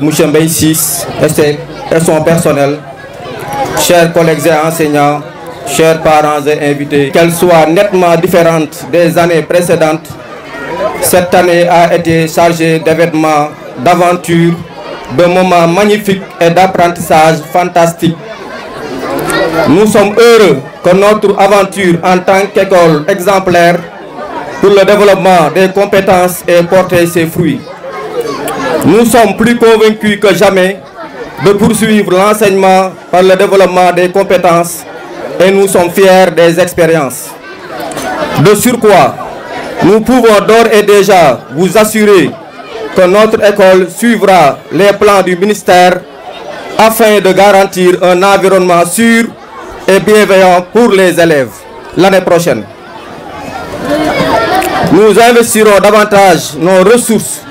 de 6 et son personnel, chers collègues et enseignants, chers parents et invités, qu'elle soit nettement différente des années précédentes, cette année a été chargée d'événements, d'aventures, de moments magnifiques et d'apprentissages fantastiques. Nous sommes heureux que notre aventure en tant qu'école exemplaire pour le développement des compétences ait porté ses fruits. Nous sommes plus convaincus que jamais de poursuivre l'enseignement par le développement des compétences et nous sommes fiers des expériences. De surcroît, nous pouvons d'ores et déjà vous assurer que notre école suivra les plans du ministère afin de garantir un environnement sûr et bienveillant pour les élèves l'année prochaine. Nous investirons davantage nos ressources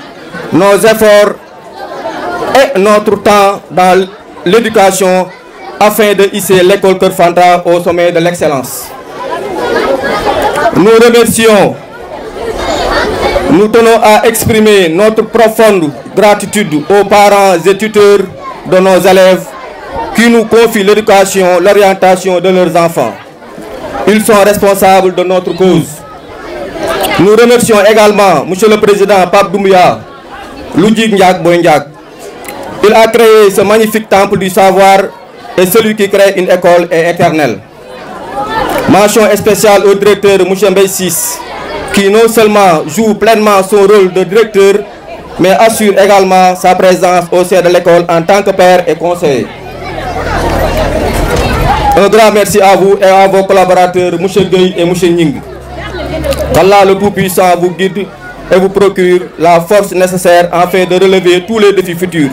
nos efforts et notre temps dans l'éducation afin de hisser l'école Kerfandra au sommet de l'excellence. Nous remercions, nous tenons à exprimer notre profonde gratitude aux parents et tuteurs de nos élèves qui nous confient l'éducation, l'orientation de leurs enfants. Ils sont responsables de notre cause. Nous remercions également M. le Président Pape Doumbia Ludwig Ndiak Il a créé ce magnifique temple du savoir et celui qui crée une école est éternel. Mention spéciale au directeur Mouchembe 6, qui non seulement joue pleinement son rôle de directeur, mais assure également sa présence au sein de l'école en tant que père et conseiller. Un grand merci à vous et à vos collaborateurs, M. et M. Ning. Allah le Tout-Puissant vous guide et vous procure la force nécessaire afin de relever tous les défis futurs.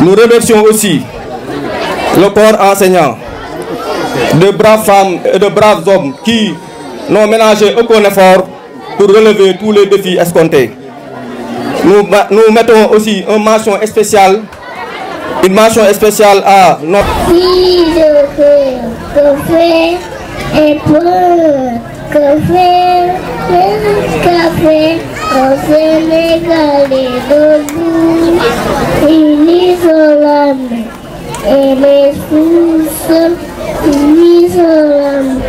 Nous remercions aussi le corps enseignant, de braves femmes et de braves hommes qui n'ont ménagé aucun effort pour relever tous les défis escomptés. Nous, mettons aussi une mention spéciale, une mention spéciale à notre... cà phê em mơ cà phê cà phê cà phê mê gà lì đô đu inisolame emesuso inisolame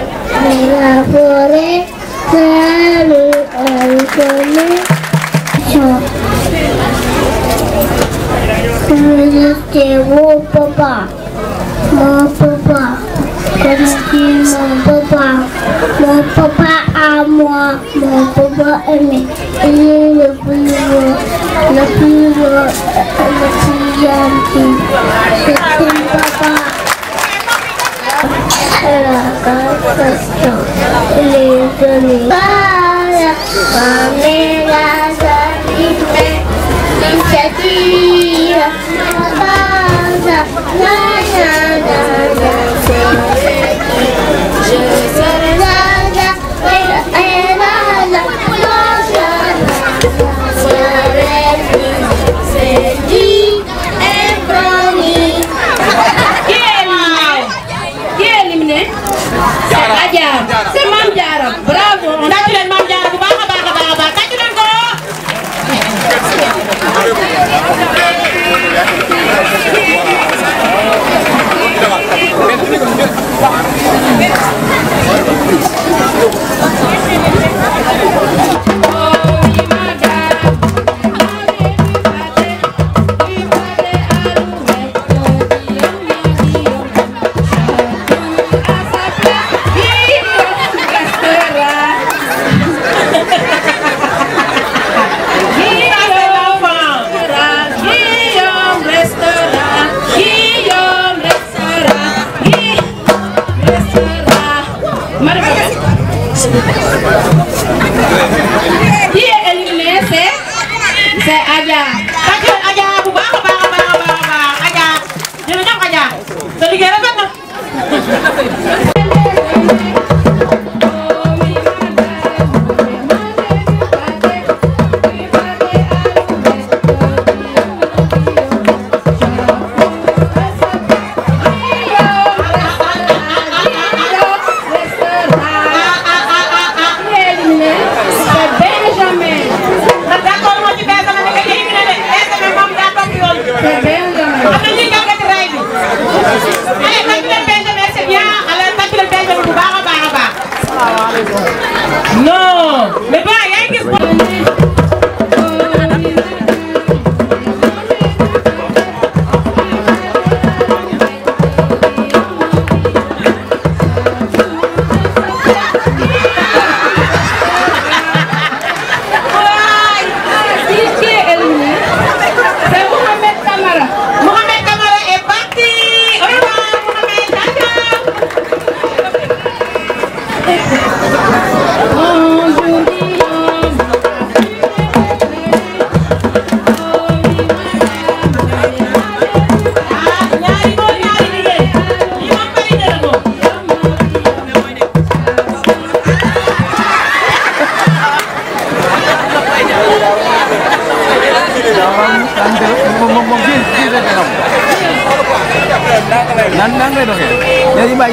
nella foresta lo alcone ciò Dicevo papà, ma papà, Parce que mon papa, mon papa à moi, mon papa aimé. Il est le plus beau, le plus beau, le plus gentil. C'est mon papa. Il est donné par la famille, la you.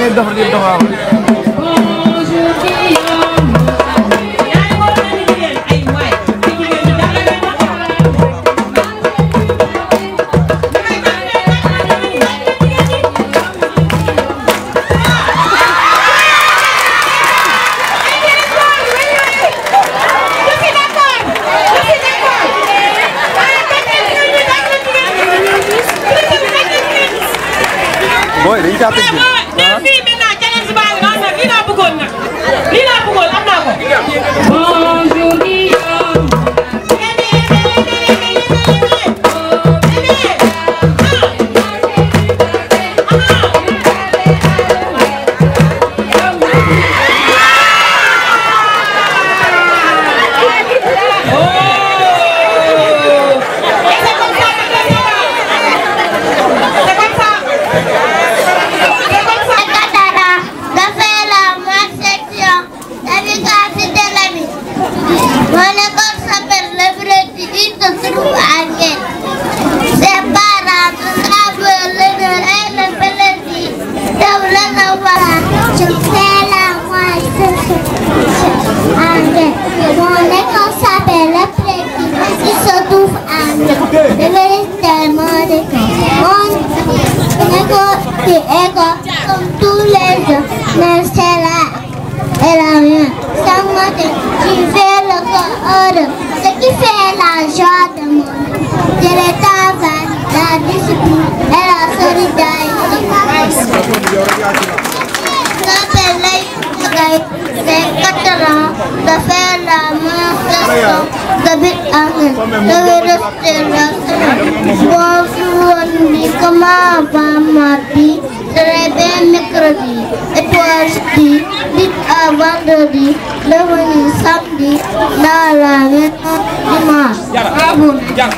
एक दफा एक दफा c'est a ثم qui fait le corps, ce qui fait la joie moi. la la discipline et la solidarité. C'est 4 ans de faire la manifestation de le de la Bonjour, comment va ma vie academic ready. It was the did a wondery, lovely Sunday, Nara, Nima, Abun.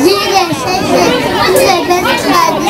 Zile, şeşe, zile, ben sadece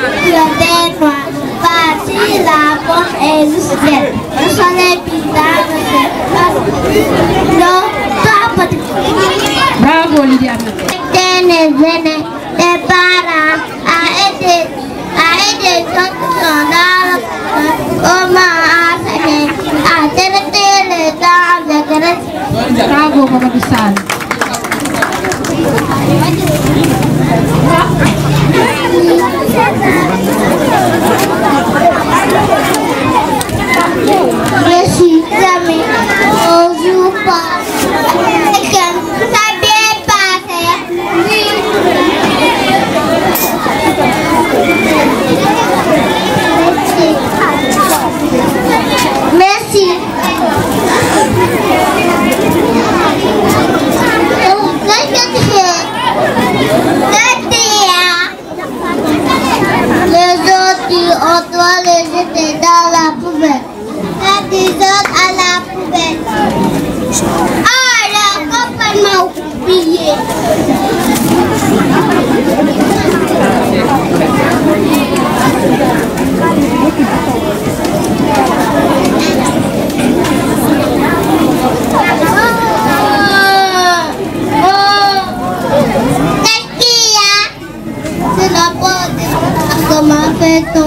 Filadelfia, vacilamos en usted. No solo pintamos los Bravo, Liliana. Tienes, te para a este, a este soldado, como hace a tener tele, dame, Bravo, Papá Pizarro. Thank you. feito.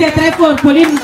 से आता है formalin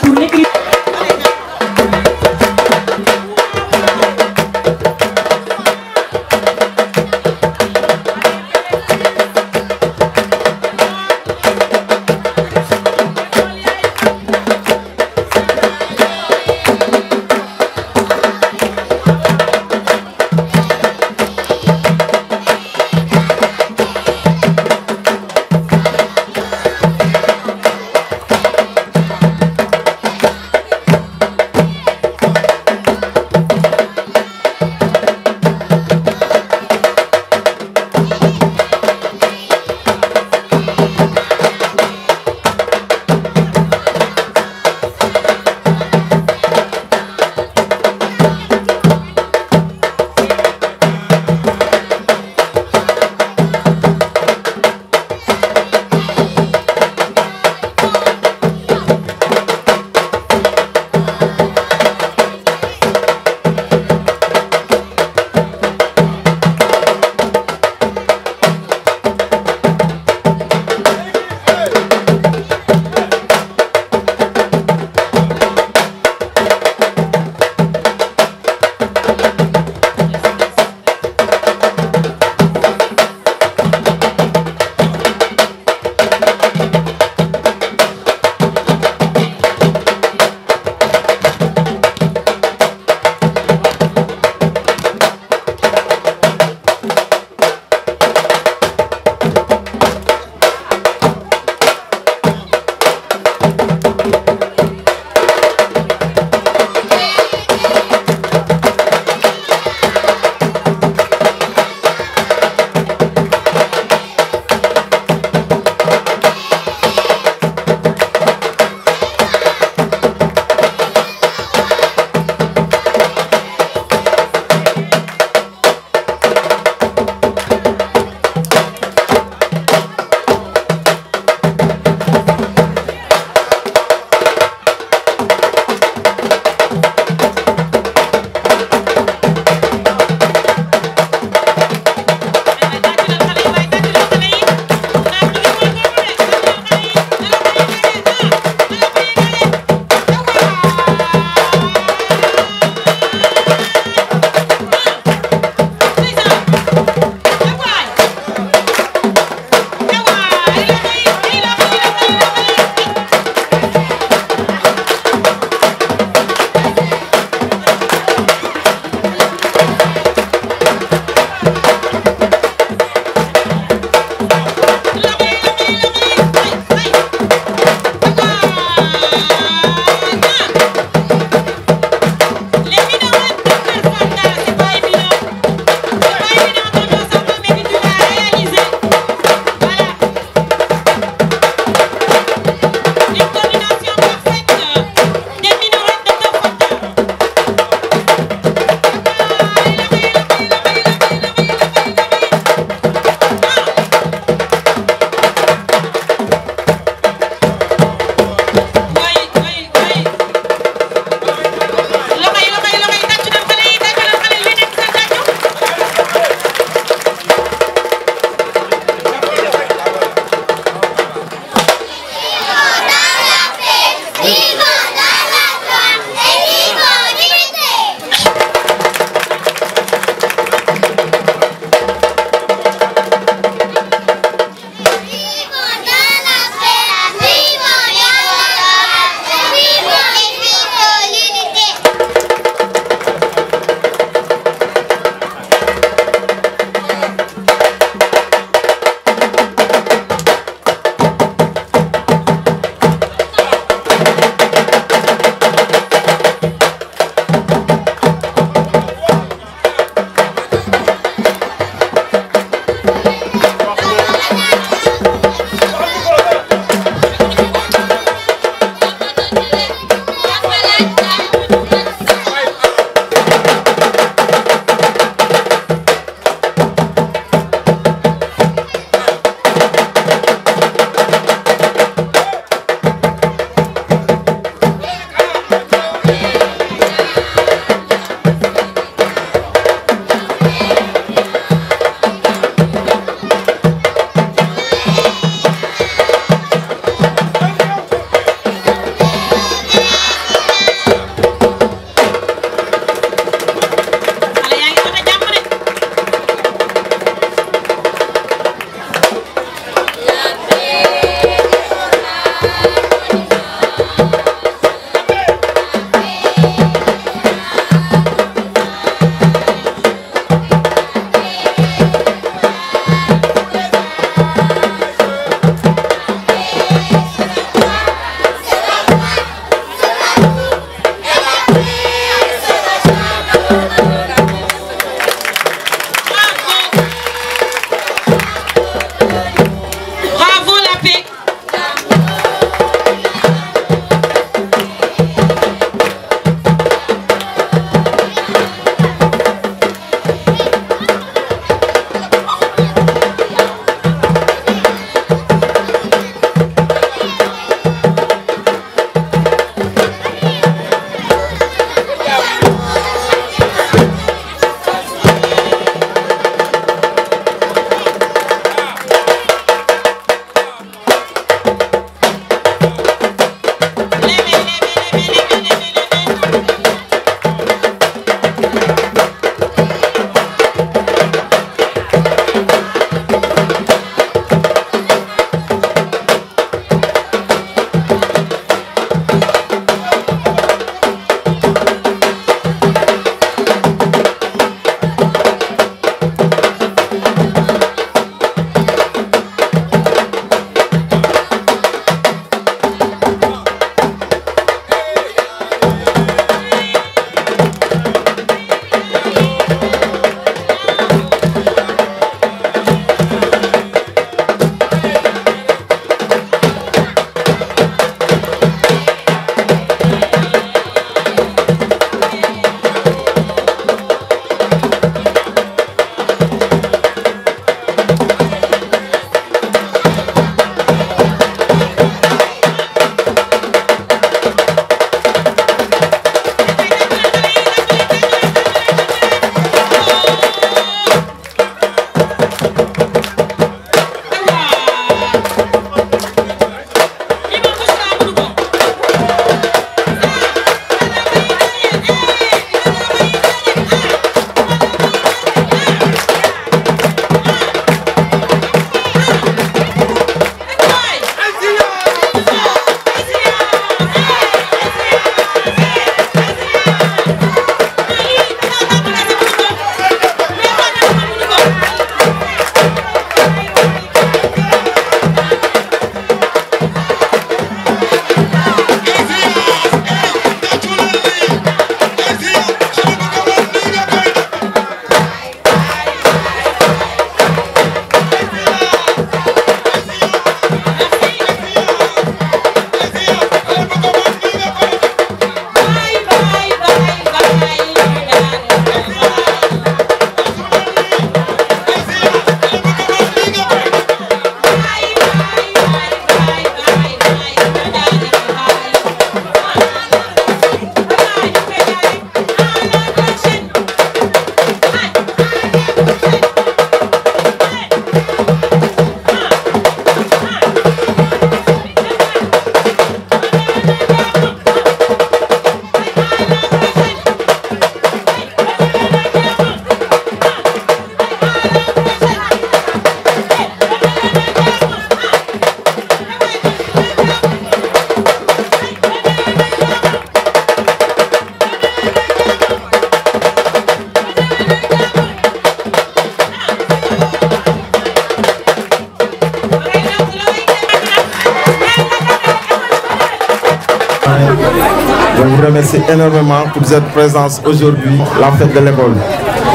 votre présence aujourd'hui, la fête de l'école.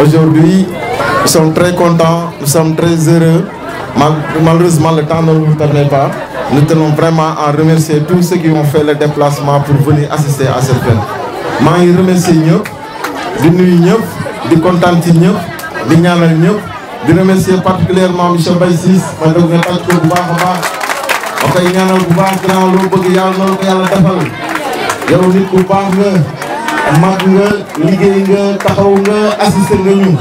Aujourd'hui, nous sommes très contents, nous sommes très heureux. malheureusement, le temps ne nous permet pas. Nous tenons vraiment à remercier tous ceux qui ont fait le déplacement pour venir assister à cette fête. Je remercie tous, de nous de contenter de ñaanal de remercier particulièrement monsieur Mbaye Ciss ma dog nga tàcc ko bu baax a baax ma ñaanal bu baax grand loo mag nga liggéey nga taxaw nga assisté nga ñu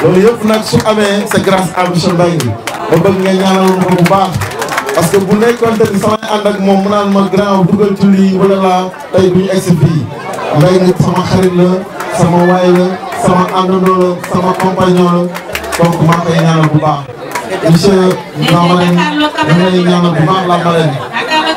loolu yëpp nag su amee c'est grâce à monsieur Mbengue ma bëgg nga ñaanaloon ko bu baax parce que bu nekkoon te samay ànd ak moom mu naan ma grand dugal ci lii wala laa tey duñu egsi fii Mbengue sama xarit la sama waay la sama àndandoo la sama compagnon la donc maa koy ñaanal bu baax monsieur la marraine dama lay ñaanal bu baax la marraine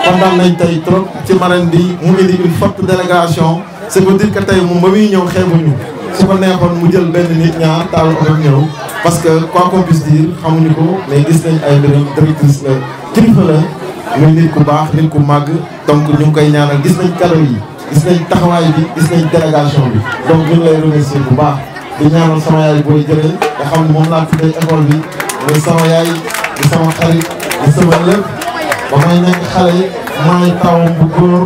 kontaan nañ tey trop ci marraine bi mu indi une forte délégation sa veut dire que tey moom ba muy ñëw xeebuñu su ko neexoon mu jël benn nit ñaar taal oto ñëw parce que quoi qu'on puisse dire xamuñu ko mais gis nañ ay mbiram directrice la euh, kilifa la muy nit ku baax nit ku màgg donc ñu ngi koy ñaanal gis nañ kado yi gis nañ taxawaay bi gis nañ délégation bi donc ñu ngi lay remercier bu baax di ñaanal sama yaay booy jëlee nga xam ne moom laa tuddee école bi muy sama yaay di sama xarit di sama lépp ba may nekk xale maay tawam bu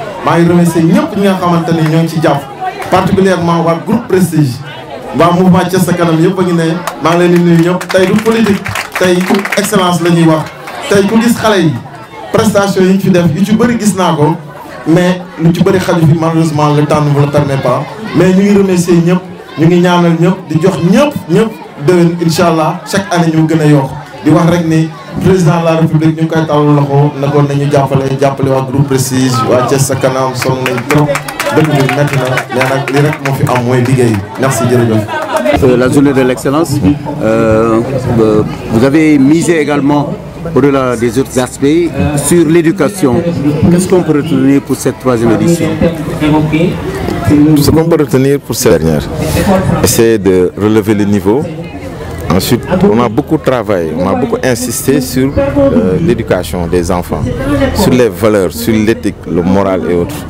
maa ngi remercier ñëpp ñi nga xamante ni ñoo ngi ci jàpp particulièrement waa groupe prestige waa mouvement Thiès sa kanam yëpp a ngi ne maa ngi leen di nuyu ñëpp tey du politique tey excellence la ñuy wax tey ku gis xale yi prestation yi ñu fi def yu ci bëri gis naa ko mais lu ci bëri xaju fi malheureusement le temps ne vous le permet mais ñu ngi remercier ñëpp ñu ngi ñaanal ñëpp di jox ñëpp ñëpp déwén incha allah chaque année ñu gën a yokk di wax rek ni président de la république nous avons koy tàllal loxo nagoon nañu jàppale nous avons groupe précise, waa Thiès vous kanam nous merci euh, la journée de l'excellence euh, euh, vous avez misé également au-delà des autres aspects sur l'éducation qu'est-ce qu'on peut retenir pour cette troisième édition ce qu'on peut retenir pour cette dernière c'est de relever le niveau Ensuite, on a beaucoup travaillé, on a beaucoup insisté sur euh, l'éducation des enfants, sur les valeurs, sur l'éthique, le moral et autres.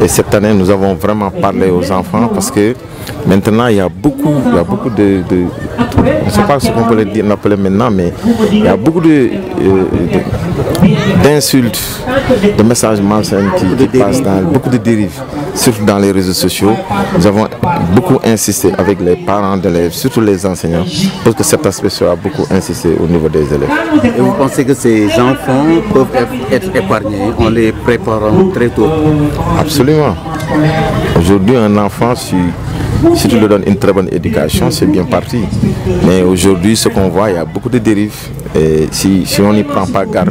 Et cette année, nous avons vraiment parlé aux enfants parce que Maintenant, il y a beaucoup, beaucoup de, je ne sais pas ce qu'on peut dire, maintenant, mais il y a beaucoup euh, d'insultes, de, de, messages malsains qui, passent dans beaucoup de dérives, surtout dans les réseaux sociaux. Nous avons beaucoup insisté avec les parents d'élèves, surtout les enseignants, pour que cet aspect soit beaucoup insisté au niveau des élèves. Et vous pensez que ces enfants peuvent être épargnés en les préparant très tôt Absolument. Aujourd'hui, un enfant, sur si tu lui donnes une très bonne éducation, c'est bien parti. Mais aujourd'hui, ce qu'on voit, il y a beaucoup de dérives. Et si, on n'y prend pas garde,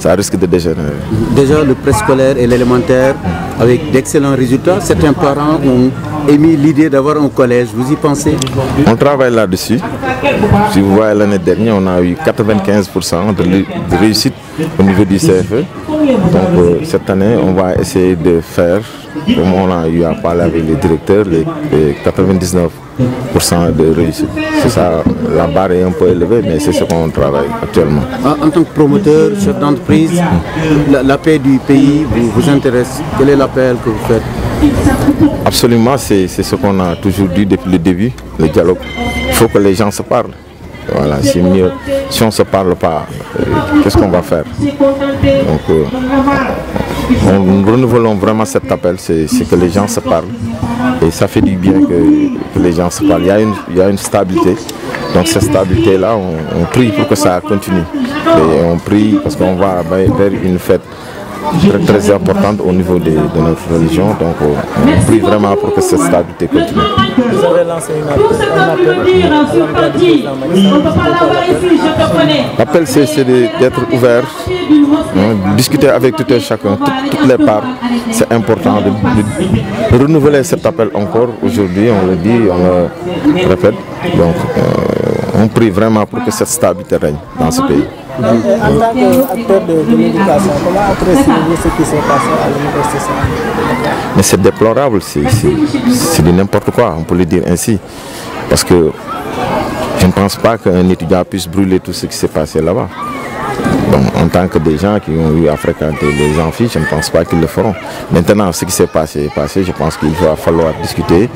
ça risque de dégénérer. Déjà, le préscolaire et l'élémentaire, avec d'excellents résultats, certains parents ont émis l'idée d'avoir un collège. Vous y pensez On travaille là-dessus. Si vous voyez, l'année dernière, on a eu 95% de réussite au niveau du CFE. Donc, euh, cette année, on va essayer de faire on a eu à parler avec les directeurs, les, 99% de réussite. C'est ça, la barre est un peu élevée, mais c'est ce qu'on travaille actuellement. En, tant que promoteur, chef d'entreprise, la, paix du pays vous, intéresse. Quel est l'appel que vous faites Absolument, c'est ce qu'on a toujours dit depuis le début, le dialogue. Il faut que les gens se parlent. Voilà, c'est mieux. Si on ne se parle pas, euh, qu'est-ce qu'on va faire euh, nous renouvelons vraiment cet appel, c'est que les gens se parlent. Et ça fait du bien que, les gens se parlent. Il y a une, stabilité. Donc cette stabilité-là, on, on, prie pour que ça continue. Et on prie parce qu'on va vers une fête très, très importante au niveau de, notre religion. Donc euh, on prie vraiment pour que cette stabilité continue. Vous avez lancé une appel, L'appel c'est d'être ouvert, hein, discuter avec tout un chacun, toutes les parts. C'est important de, renouveler cet appel encore aujourd'hui, on le dit, on le répète. Donc euh, on prie vraiment pour que cette stabilité règne dans ce pays en tant qu'acteur de, l'éducation, comment appréciez-vous ce qui s'est passé à l'université Mais c'est déplorable, c'est de n'importe quoi, on peut le dire ainsi. Parce que je ne pense pas qu'un étudiant puisse brûler tout ce qui s'est passé là-bas. en tant que des gens qui ont eu à fréquenter les amphis, je ne pense pas qu'ils le feront. Maintenant, ce qui s'est passé est passé, je pense qu'il va falloir discuter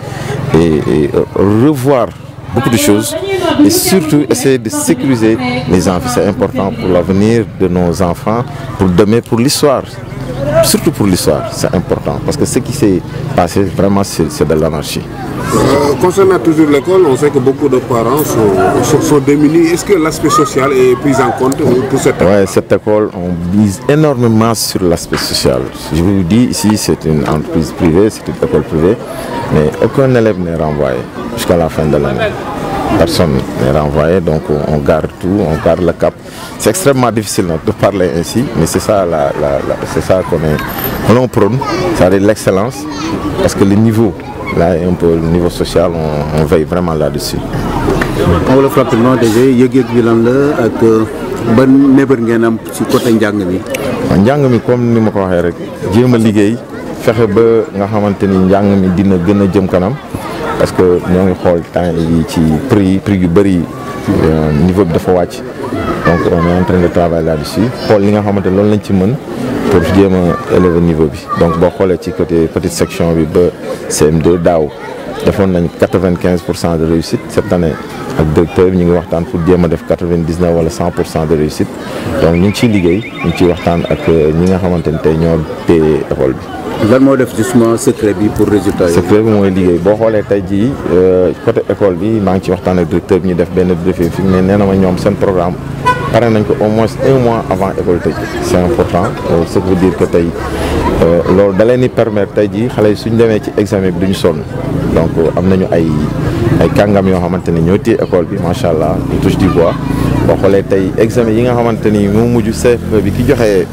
et euh, revoir beaucoup de choses et surtout essayer de sécuriser les enfants. C'est important pour l'avenir de nos enfants, pour demain, pour l'histoire. Surtout pour l'histoire, c'est important parce que ce qui s'est passé vraiment, c'est de l'anarchie. Euh, concernant toujours l'école, on sait que beaucoup de parents sont, sont, démunis. Est-ce que l'aspect social est pris en compte pour cette école cette école, on mise énormément sur l'aspect social. Je vous dis, ici, c'est une entreprise privée, c'est une école privée, mais aucun élève n'est renvoyé jusqu'à la fin de l'année. Personne n'est renvoyé, donc on garde tout, on garde le cap. C'est extrêmement difficile de parler ainsi, mais c'est ça, la, la, c'est ça qu'on est, on prône, c'est-à-dire l'excellence, parce que le niveau, là, un peu, le niveau social, on, on veille vraiment là-dessus. On le rapidement déjà, y a bi lan la ak ban mébër ngeen am ci côté njàng mi. comme ni ko j'ai rek jéem a liggéey fexe ba nga xamante ni njàng mi dina gën kanam parce que nous avons xool temps prix prix du euh, niveau de dafa donc on est en train de travailler là-dessus Nous li nga xamante loolu lañ ci pour élever le niveau bi donc boo xoolee côté petite section bi ba CM2 dao defoon nañ 95% de réussite cette année ak directeur bi ñu ngi waxtaan pour jéem a def quatre-vingt-dix-neuf wala cent pour cent de réussite donc ñu ngi ciy liggéey ñu ngi ciy waxtaan ak euh, ñi nga xamante ne tey ñoo téye école bi. lan moo def justement secret bi pour résultat yi. secret bi mooy liggéey boo xoolee tey jii euh, côté école bi maa ngi ci waxtaan ak directeur bi ñu def benn briefing fi mu ne ma ñoom seen programme. pare nañ ko au moins un mois avant école tëj c'est important euh, ce qui veut dire que tey Euh, loolu da leen di permettre tey jii xale yi suñ demee ci examen bi duñu sonn donc am nañu ay ay kàngam yoo xamante ni ñoo téye école bi macha allah touche du bois boo tey examen yi nga xamante ni moo mujj CFEE bi ki joxe.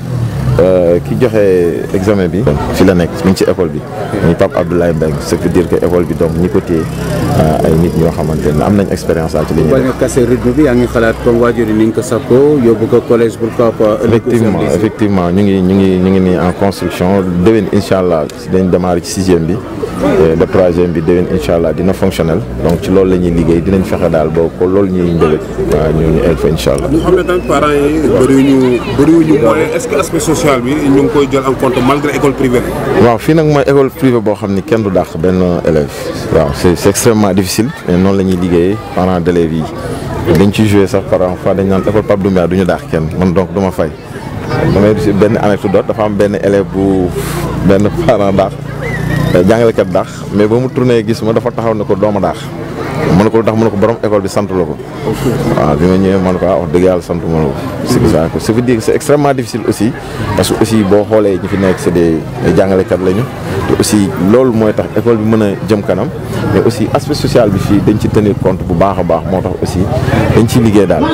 Euh, ki joxe examen bi fi la nekk mi ngi ci école bi muy Pape Abdoulaye Mbengue ce qui veut dire que école bi donc ñi ko téye euh, ay nit ñoo xamante ne am nañ expérience ci li ñuy def. bañ a rythme bi yaa ngi xalaat comme waajur yi ni ñu ko sakkoo yóbbu ko collège pourquoi pas. effectivement effectivement ñu ngi ñu ngi ñu ngi nii en construction déwén incha allah dañ démarrer ci sixième bi. le troisième bi déwén inshallah dina fonctionnel donc ci loolu lañuy liggéey dinañ fexé dal boo ko loolu ñuy njëriñ. waaw ñu ñu egg fa incha allah. ñu xam ne tamit parents yi bëriwuñu bëriwuñu est-ce que aspect social nationale bi ñu ngi koy jël en compte malgré école privée waaw fii nag mooy école privée boo xam ni kenn du dàq benn élève waaw c' est extrêmement difficile mais noonu la ñuy liggéeyee parents d' élèves yi dañ ci joué sax par fois dañ naan école Pape Doumbia du ñu dàq kenn man donc du ma fay damay benn anecdote dafa am benn élève bu benn parent daax jàngalekat daax mais ba mu tourné gis ma dafa taxaw ne ko dooma daax mu ne ko lu tax mu ne ko borom école bi sant la ko. waaw bi ma ñëwee man ko ah wax dëgg yàlla ma la ko. si biir ko ça veut dire que extrêmement difficile aussi. parce que aussi boo xoolee ñi fi nekk c' est jàngalekat lañu. te aussi loolu mooy tax école bi mën a jëm kanam mais aussi aspect social bi fii dañ ci tenir compte bu baax a baax moo tax aussi dañ ciy liggéey daal waaw.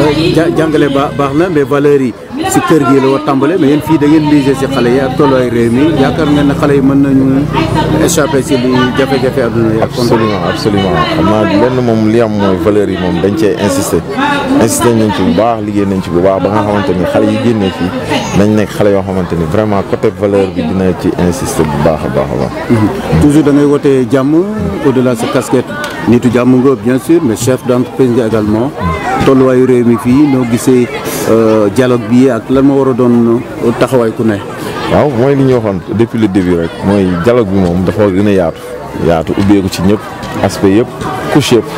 Euh, jàngale baax na mais valeurs yi. si kër gi la war tàmbale mais yéen fii da ngeen liggéey si xale yi ak tolluwaay réew mi yaakaar ngeen ne xale yi mën nañu échappé si li jafe-jafe adduna yi. absolument absolument xam naa lenn moom li am mooy valeurs yi moom dañ cee insister insister nañ ci bu baax liggéey nañ ci bu baax ba nga xamante ni xale yi génnee fii nañ nekk xale yoo xamante ni vraiment côté valeur bi dina ci insister bu baax a baax a baax. Mhm. toujours da ngay woote jàmm au-delà sa casquette nitu jàmm nga bien sûr mais chef d'entreprise nga également mhm. tolluwaayu réew mi fii noo gisee. Euh, dialogue bi ak lan ma war a doon taxawaay ku ne. waaw mooy li ñu waxoon depuis le début rek mooy dialogue bi moom dafa gën a yaatu yaatu ubbeeku ci ñëpp aspect yëpp couche yëpp.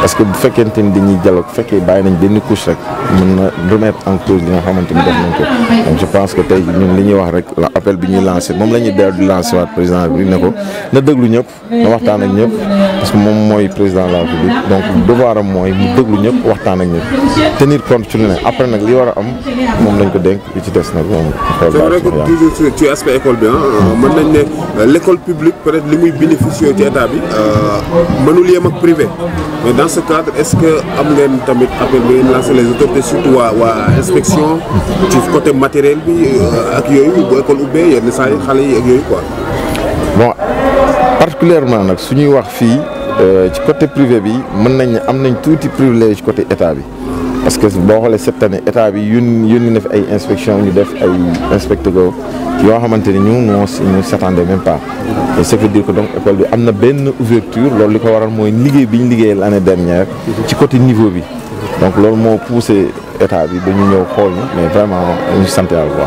parce que bu fekkente ni dañuy dialogue bu fekkee bàyyi nañ benn couche rek mën na remettre en cause li nga xamante ni def nañ ko donc je pense que tey ñun li ñuy wax rek la appel bi ñuy lancé moom la ñuy dellu di lancé waat président bi ne ko na déglu ñëpp na waxtaan ak ñëpp parce que moom mooy président de la République donc devoir am mooy mu déglu ñëpp waxtaan ak ñëpp tenir compte ci lu ne après nag li war a am moom lañ ko dénk li ci des nag moom xool toujours ci aspect école bi hein, euh, mën nañ ne euh, l'école publique peut-être li muy bénéficier ci état bi euh, mënul yem ak privé mais dans ce cadre est-ce que les autorités surtout côté matériel particulièrement euh, côté privé bi avons tous les privilèges du côté état parce que boo xoolee cette année état bi yónni yónni na fi ay inspection ñu def ay inspecteurs go yo xamanteni ñu nous ñu s'attendait même pas et ça veut dire que donc école bi amna na benn ouverture loolu liko waral moy liguey biñ liguey l'année dernière ci côté niveau bi donc loolu mo poussé état bi ba ñu ñëw xool ñu mais vraiment ñu sant yàlla bu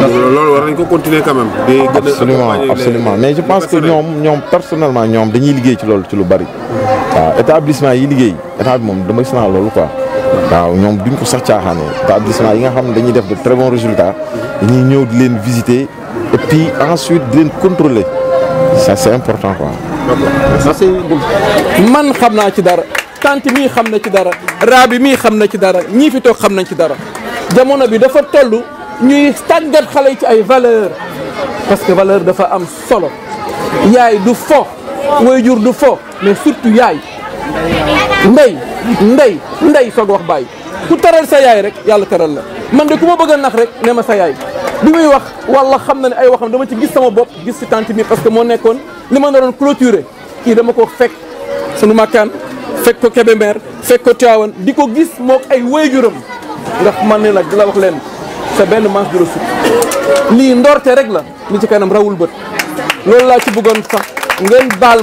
baax war nañ ko continuer quand même. di absolument absolument mais je pense que ñom ñom personnellement ñom dañuy liguey ci loolu ci lu bari. établissement yi liguey état bi mom dama gis naa quoi waaw ñoom duñ ko sax caaxaanee établissement yi nga xam ne dañuy def de très bons résultats dañuy ñëw di leen visiter et puis ensuite di leen contrôler ça c'est important quoi. man xam naa ci dara tante mii xam na ci dara raabi mii xam na ci dara ñii fi toog xam nañ ci dara jamono bi dafa toll ñuy tàggat xale ci ay valeur parce que valeur dafa am solo yaay du fo waajur du fo mais surtout yaay. ndey ndey ndey soog wax bàyyi ku teral sa yaay rek yàlla teral la man de ku ma bëgg a nax rek ne ma sa yaay bi muy wax walla xam na ne ay waxam dama ci gis sama bopp gis si tante bi parce que moo nekkoon li ma naroon clôturer kii dama ko fekk sunu makkaan fekk ko Kébémer fekk ko Tivaouane di ko gis moo ay waajuram ndax man ne nag di la wax leen sa benn manche de ressource lii ndorte rek la li ci kanam rawul bët loolu laa ci bëggoon sax ngeen baal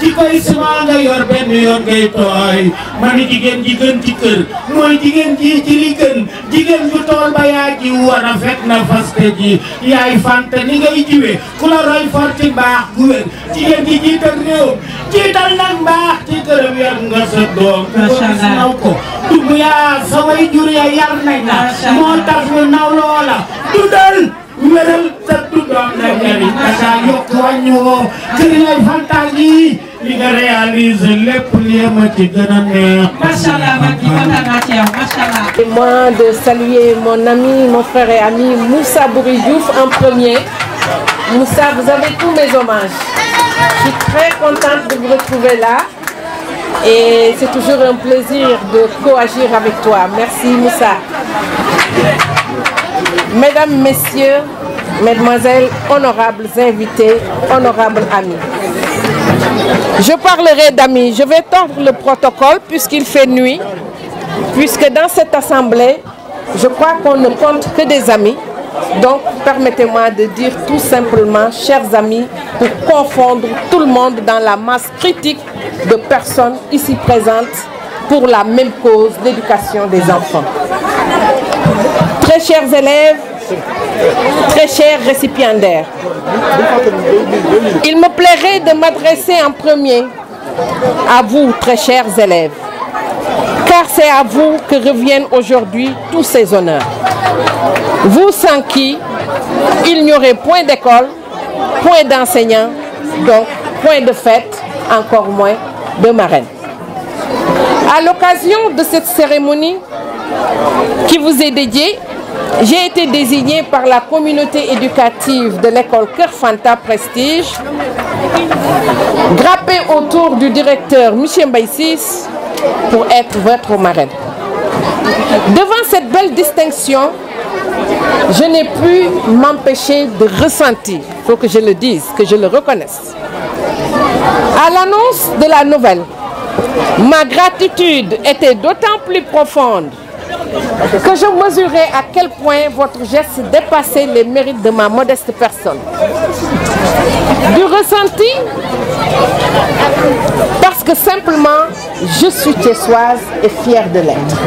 jikko isma nga yor benn yoon ngay tooy ma ni jigéen ji gën ci kër mooy jigéen ji ci li gën jigéen ju tool ba yaa ji war a fekk na faste ji yaay fanta ni ngay jiwe ku la roy for ci baax gu wér jigéen ji jiital réew jiital nag mbaax ci këram yor nga sa doom ko naw ko dugg yaa sa way jur ya yar nañ la moo tax ñu naw loola dundal wéral sa dundam na njëriñ asa yokk réalise réalise les prières qui et moi de saluer mon ami mon frère et ami Moussa Bouridjouf en premier. Moussa, vous avez tous mes hommages. Je suis très contente de vous retrouver là. Et c'est toujours un plaisir de coagir avec toi. Merci Moussa. Mesdames, Messieurs, Mesdemoiselles, honorables invités, honorables amis. Je parlerai d'amis. Je vais tendre le protocole puisqu'il fait nuit, puisque dans cette assemblée, je crois qu'on ne compte que des amis. Donc, permettez-moi de dire tout simplement, chers amis, pour confondre tout le monde dans la masse critique de personnes ici présentes pour la même cause, l'éducation des enfants. Très chers élèves, Très cher récipiendaire, il me plairait de m'adresser en premier à vous, très chers élèves, car c'est à vous que reviennent aujourd'hui tous ces honneurs. Vous sans qui il n'y aurait point d'école, point d'enseignants, donc point de fête, encore moins de marraine. À l'occasion de cette cérémonie qui vous est dédiée, j'ai été désignée par la communauté éducative de l'école Cœur Fanta Prestige, grappée autour du directeur Michel Mbaïsis pour être votre marraine. Devant cette belle distinction, je n'ai pu m'empêcher de ressentir, il faut que je le dise, que je le reconnaisse. À l'annonce de la nouvelle, ma gratitude était d'autant plus profonde que je mesurais à quel point votre geste dépassait les mérites de ma modeste personne. Du ressenti, parce que simplement, je suis tessoise et fière de l'être.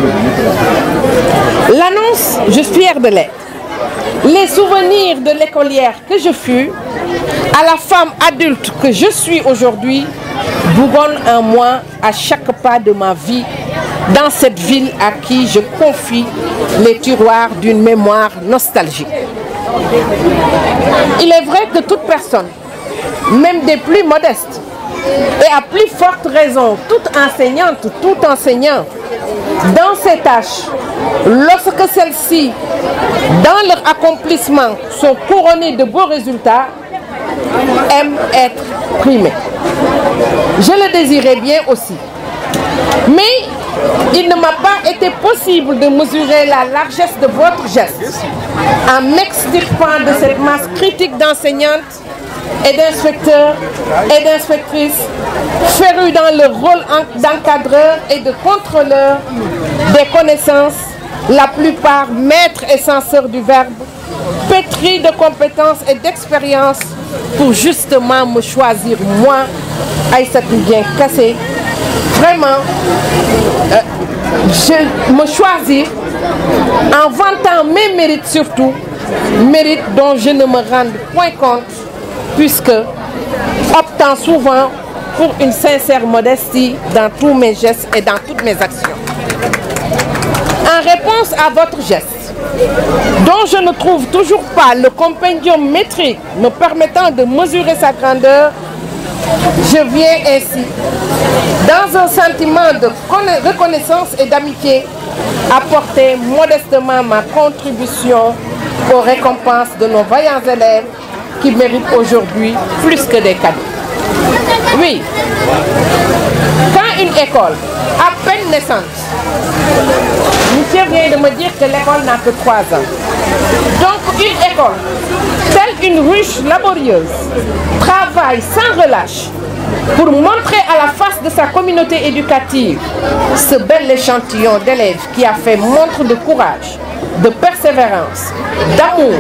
L'annonce, je suis fière de l'être. Les souvenirs de l'écolière que je fus, à la femme adulte que je suis aujourd'hui, bougonnent en moi à chaque pas de ma vie dans cette ville à qui je confie les tiroirs d'une mémoire nostalgique. Il est vrai que toute personne, même des plus modestes, et à plus forte raison, toute enseignante, tout enseignant, dans ses tâches, lorsque celles-ci, dans leur accomplissement, sont couronnées de beaux résultats, aiment être primées. Je le désirais bien aussi. Mais il ne m'a pas été possible de mesurer la largesse de votre geste en m'extirpant de cette masse critique d'enseignantes et d'inspecteurs et d'inspectrices férus dans le rôle d'encadreur et de contrôleur des connaissances, la plupart maîtres et censeurs du verbe, pétris de compétences et d'expérience pour justement me choisir moi, Aïssatou bien cassé. Vraiment, je me choisis en vantant mes mérites surtout, mérites dont je ne me rends point compte, puisque optant souvent pour une sincère modestie dans tous mes gestes et dans toutes mes actions. En réponse à votre geste, dont je ne trouve toujours pas le compendium métrique me permettant de mesurer sa grandeur je viens ainsi, dans un sentiment de reconnaissance et d'amitié, apporter modestement ma contribution aux récompenses de nos vaillants élèves qui méritent aujourd'hui plus que des cadeaux. Oui, quand une école, à peine naissante, Monsieur vient de me dire que l'école n'a que trois ans. Une école, telle une ruche laborieuse, travaille sans relâche pour montrer à la face de sa communauté éducative ce bel échantillon d'élèves qui a fait montre de courage, de persévérance, d'amour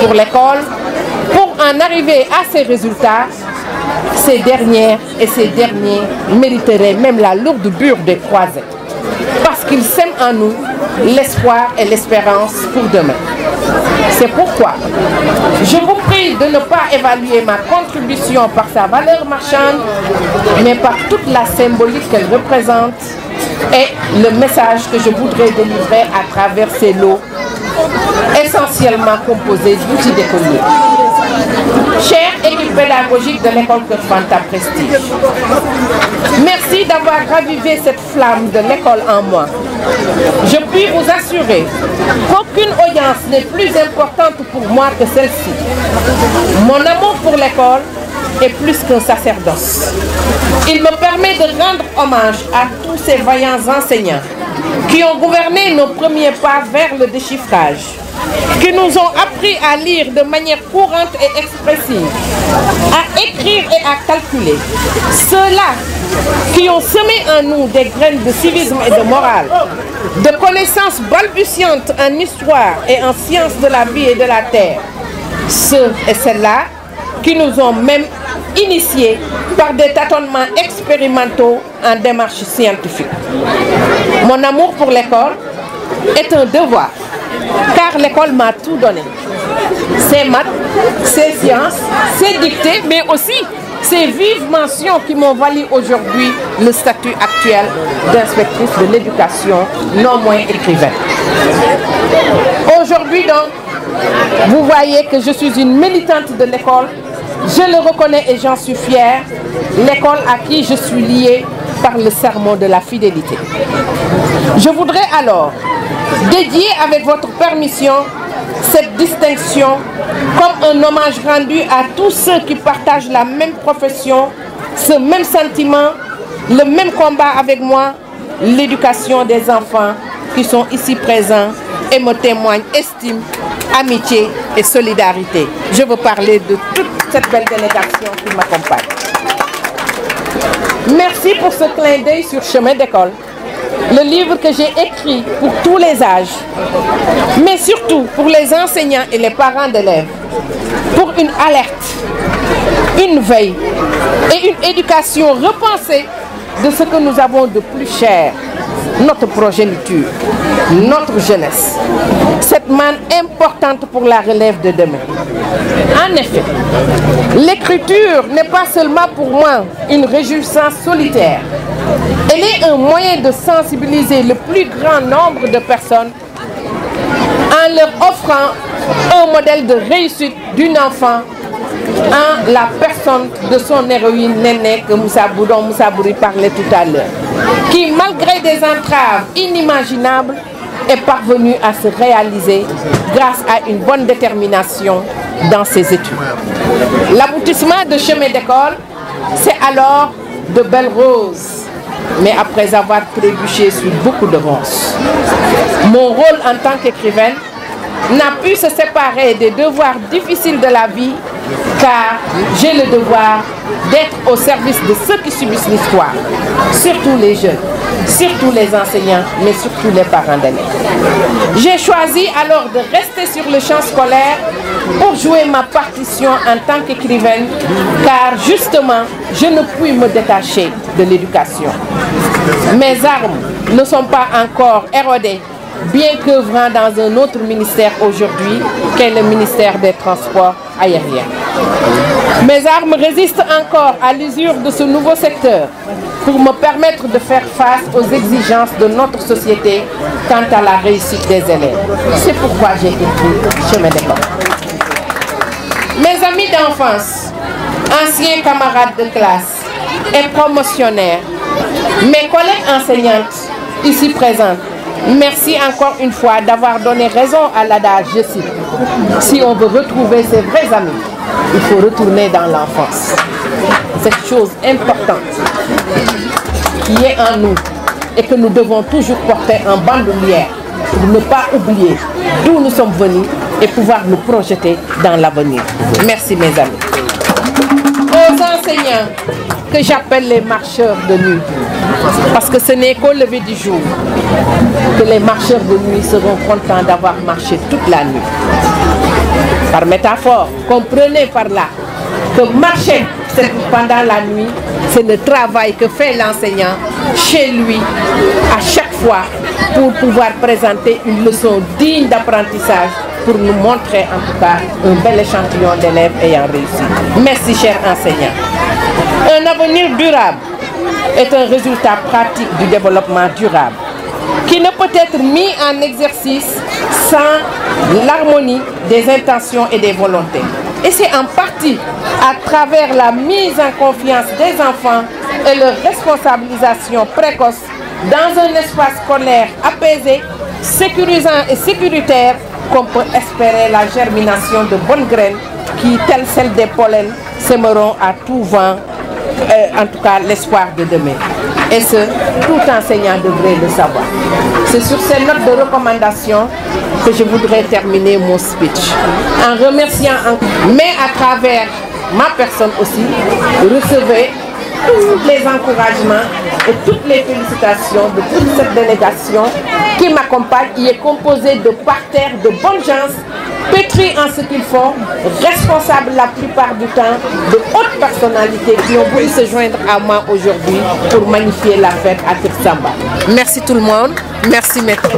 pour l'école, pour en arriver à ces résultats, ces dernières et ces derniers mériteraient même la lourde bure des croisettes, parce qu'ils sèment en nous l'espoir et l'espérance pour demain. C'est pourquoi je vous prie de ne pas évaluer ma contribution par sa valeur marchande, mais par toute la symbolique qu'elle représente et le message que je voudrais délivrer à travers ces lots, essentiellement composés d'outils d'économie. Chers pédagogique de l'école fanta Prestige. Merci d'avoir ravivé cette flamme de l'école en moi. Je puis vous assurer qu'aucune audience n'est plus importante pour moi que celle-ci. Mon amour pour l'école est plus qu'un sacerdoce. Il me permet de rendre hommage à tous ces vaillants enseignants qui ont gouverné nos premiers pas vers le déchiffrage qui nous ont appris à lire de manière courante et expressive, à écrire et à calculer. Ceux-là qui ont semé en nous des graines de civisme et de morale, de connaissances balbutiantes en histoire et en sciences de la vie et de la terre. Ceux et celles-là qui nous ont même initiés par des tâtonnements expérimentaux en démarche scientifique. Mon amour pour l'école est un devoir car l'école m'a tout donné. Ses maths, ses sciences, ses dictées, mais aussi ces vives mentions qui m'ont valu aujourd'hui le statut actuel d'inspectrice de l'éducation, non moins écrivain. Aujourd'hui donc, vous voyez que je suis une militante de l'école. Je le reconnais et j'en suis fière. L'école à qui je suis liée par le serment de la fidélité. Je voudrais alors dédier avec votre permission cette distinction comme un hommage rendu à tous ceux qui partagent la même profession, ce même sentiment, le même combat avec moi, l'éducation des enfants qui sont ici présents et me témoignent estime, amitié et solidarité. Je veux parler de toute cette belle délégation qui m'accompagne. Merci pour ce clin d'œil sur chemin d'école le livre que j'ai écrit pour tous les âges, mais surtout pour les enseignants et les parents d'élèves, pour une alerte, une veille et une éducation repensée de ce que nous avons de plus cher, notre progéniture, notre jeunesse. Cette manne importante pour la relève de demain. En effet, l'écriture n'est pas seulement pour moi une réjouissance solitaire. Elle est un moyen de sensibiliser le plus grand nombre de personnes en leur offrant un modèle de réussite d'une enfant en hein, la personne de son héroïne Néné que Moussa Boudon, Moussa Bouri parlait tout à l'heure, qui malgré des entraves inimaginables est parvenue à se réaliser grâce à une bonne détermination dans ses études. L'aboutissement de chemin d'école, c'est alors de belles roses, mais après avoir trébuché sur beaucoup de ronces. Mon rôle en tant qu'écrivaine n'a pu se séparer des devoirs difficiles de la vie car j'ai le devoir d'être au service de ceux qui subissent l'histoire, surtout les jeunes, surtout les enseignants, mais surtout les parents d'élèves. J'ai choisi alors de rester sur le champ scolaire pour jouer ma partition en tant qu'écrivaine, car justement, je ne puis me détacher de l'éducation. Mes armes ne sont pas encore érodées bien que qu'œuvrant dans un autre ministère aujourd'hui, qu'est le ministère des Transports aériens. Mes armes résistent encore à l'usure de ce nouveau secteur pour me permettre de faire face aux exigences de notre société quant à la réussite des élèves. C'est pourquoi j'ai écrit Chemin me Mes amis d'enfance, anciens camarades de classe et promotionnaires, mes collègues enseignantes ici présentes, Merci encore une fois d'avoir donné raison à l'adage, je Si on veut retrouver ses vrais amis, il faut retourner dans l'enfance. Cette chose importante qui est en nous et que nous devons toujours porter en bande bandoulière pour ne pas oublier d'où nous sommes venus et pouvoir nous projeter dans l'avenir. Merci mes amis. Enseignant que j'appelle les marcheurs de nuit. Parce que ce n'est qu'au lever du jour que les marcheurs de nuit seront contents d'avoir marché toute la nuit. Par métaphore, comprenez par là que marcher pendant la nuit, c'est le travail que fait l'enseignant chez lui à chaque fois pour pouvoir présenter une leçon digne d'apprentissage pour nous montrer en tout cas un bel échantillon d'élèves ayant réussi. Merci cher enseignant. Un avenir durable est un résultat pratique du développement durable qui ne peut être mis en exercice sans l'harmonie des intentions et des volontés. Et c'est en partie à travers la mise en confiance des enfants et leur responsabilisation précoce dans un espace scolaire apaisé, sécurisant et sécuritaire qu'on peut espérer la germination de bonnes graines qui, telles celles des pollens, s'aimeront à tout vent euh, en tout cas l'espoir de demain. Et ce, tout enseignant devrait le savoir. C'est sur ces notes de recommandation que je voudrais terminer mon speech. En remerciant, mais à travers ma personne aussi, recevez tous les encouragements et toutes les félicitations de toute cette délégation qui m'accompagne. qui est composé de parterres, de bonnes gens, pétris en ce qu'ils font, responsables la plupart du temps de hautes personnalités qui ont voulu se joindre à moi aujourd'hui pour magnifier la fête à Tirsamba. Merci tout le monde. Merci maître.